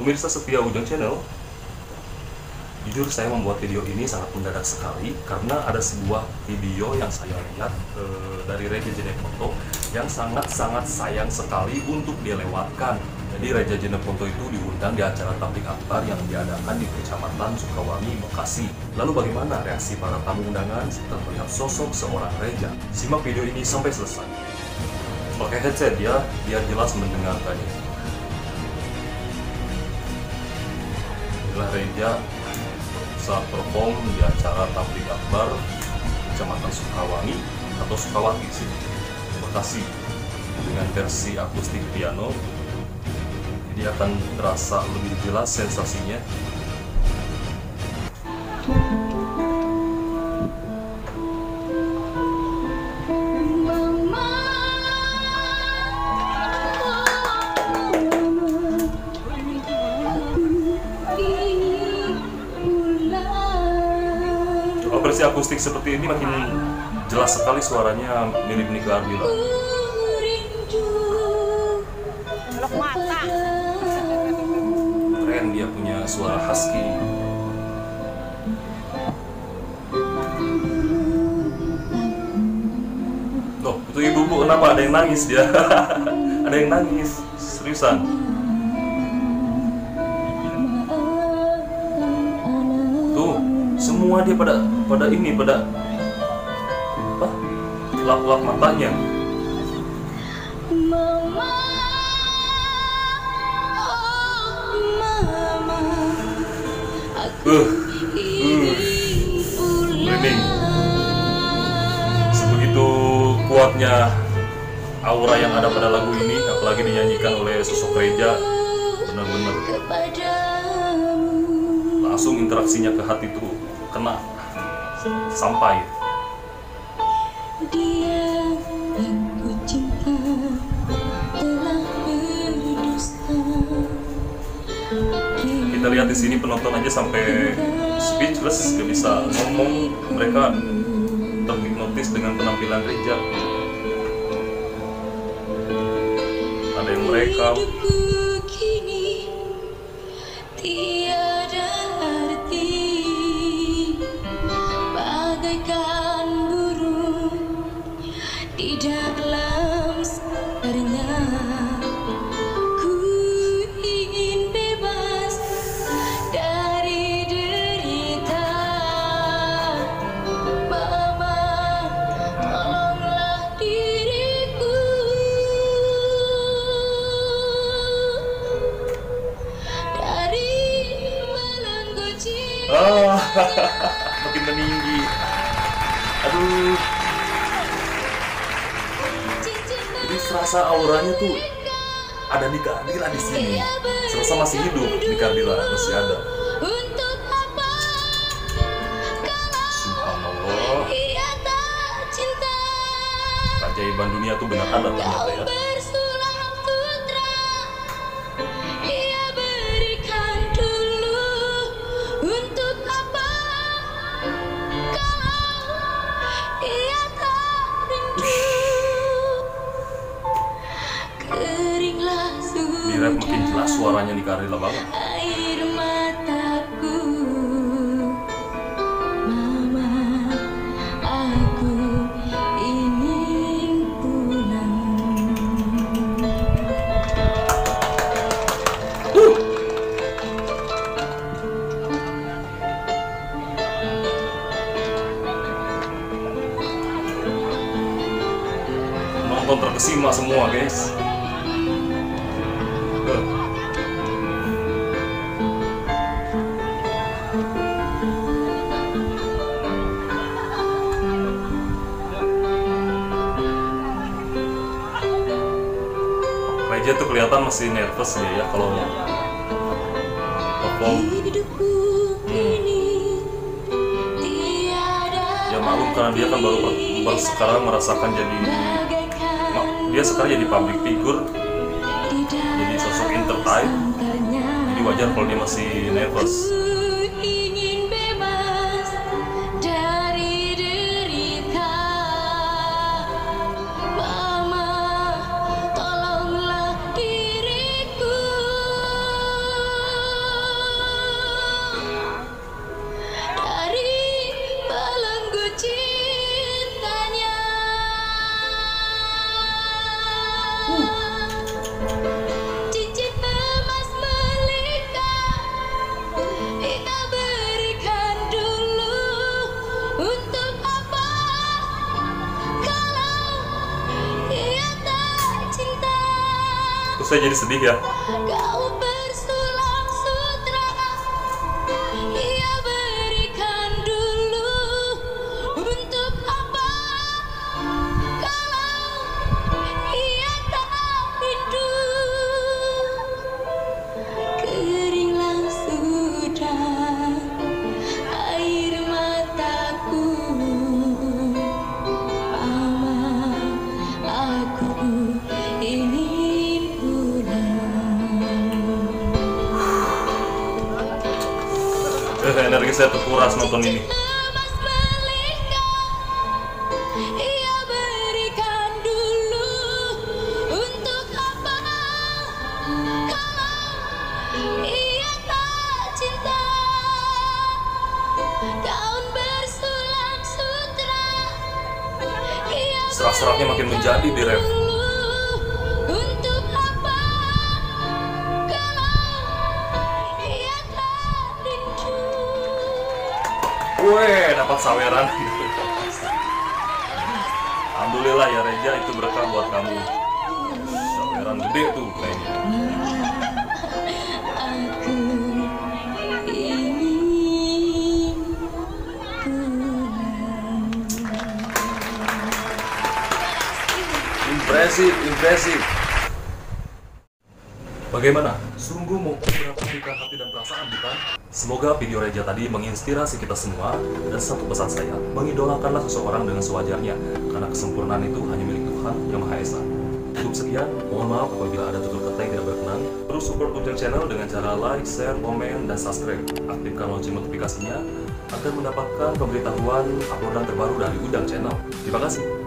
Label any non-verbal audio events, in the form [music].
Pemirsa setia Ujang Channel, jujur saya membuat video ini sangat mendadak sekali karena ada sebuah video yang saya lihat e, dari Reja Jeneponto yang sangat-sangat sayang sekali untuk dilewatkan. Jadi Reja Jeneponto itu diundang di acara tablik akbar yang diadakan di Kecamatan Sukawami, Bekasi. Lalu bagaimana reaksi para tamu undangan setelah melihat sosok seorang Reja? Simak video ini sampai selesai. Pakai headset ya, biar jelas mendengarkannya. oleh Reja saat perform di acara Tablik Akbar Kecamatan Sukawangi atau Sukawati Terima Bekasi dengan versi akustik piano jadi akan terasa lebih jelas sensasinya versi akustik seperti ini makin jelas sekali suaranya mirip Nika Ardila. Keren dia punya suara husky. Loh, itu ibu-ibu kenapa ada yang nangis dia? [laughs] ada yang nangis, seriusan. semua dia pada pada ini pada apa lap-lap matanya Mama, oh Mama, aku uh, merinding. Uh. Sebegitu kuatnya aura yang ada pada lagu ini, apalagi dinyanyikan oleh sosok gereja, benar-benar langsung interaksinya ke hati tuh kena sampai dia kita lihat di sini penonton aja sampai speechless gak bisa ngomong mereka terhipnotis dengan penampilan gereja ada yang mereka tidak dalam ku ingin bebas dari derita Mama tolonglah diriku dari cinta oh, [laughs] makin meninggi aduh kerasa auranya tuh ada di Ardila di sini. Serasa masih hidup di Ardila masih ada. Subhanallah. Keajaiban dunia tuh benar ada ternyata ya. suaranya Nika Rila banget air mataku mama aku ingin pulang uh. nonton terkesima semua guys dia tuh kelihatan masih nervous dia ya, ya kalau mau ya malu karena dia kan baru, baru sekarang merasakan jadi dia sekarang jadi public figure jadi sosok entertain jadi wajar kalau dia masih nervous saya jadi sedih ya lagi saya terkuras nonton ini serak-seraknya makin menjadi di ref gue dapat saweran. Alhamdulillah ya Reja itu berkah buat kamu. Saweran gede tuh kayaknya. Impresif, impresif. Bagaimana? Sungguh mau mengungkapkan hati dan perasaan, bukan? Semoga video Reja tadi menginspirasi kita semua dan satu pesan saya, mengidolakanlah seseorang dengan sewajarnya karena kesempurnaan itu hanya milik Tuhan Yang Maha Esa. Cukup sekian, mohon maaf apabila ada tutur kata yang tidak berkenan. Terus support Putri Channel dengan cara like, share, komen, dan subscribe. Aktifkan lonceng notifikasinya agar mendapatkan pemberitahuan uploadan terbaru dari Udang Channel. Terima kasih.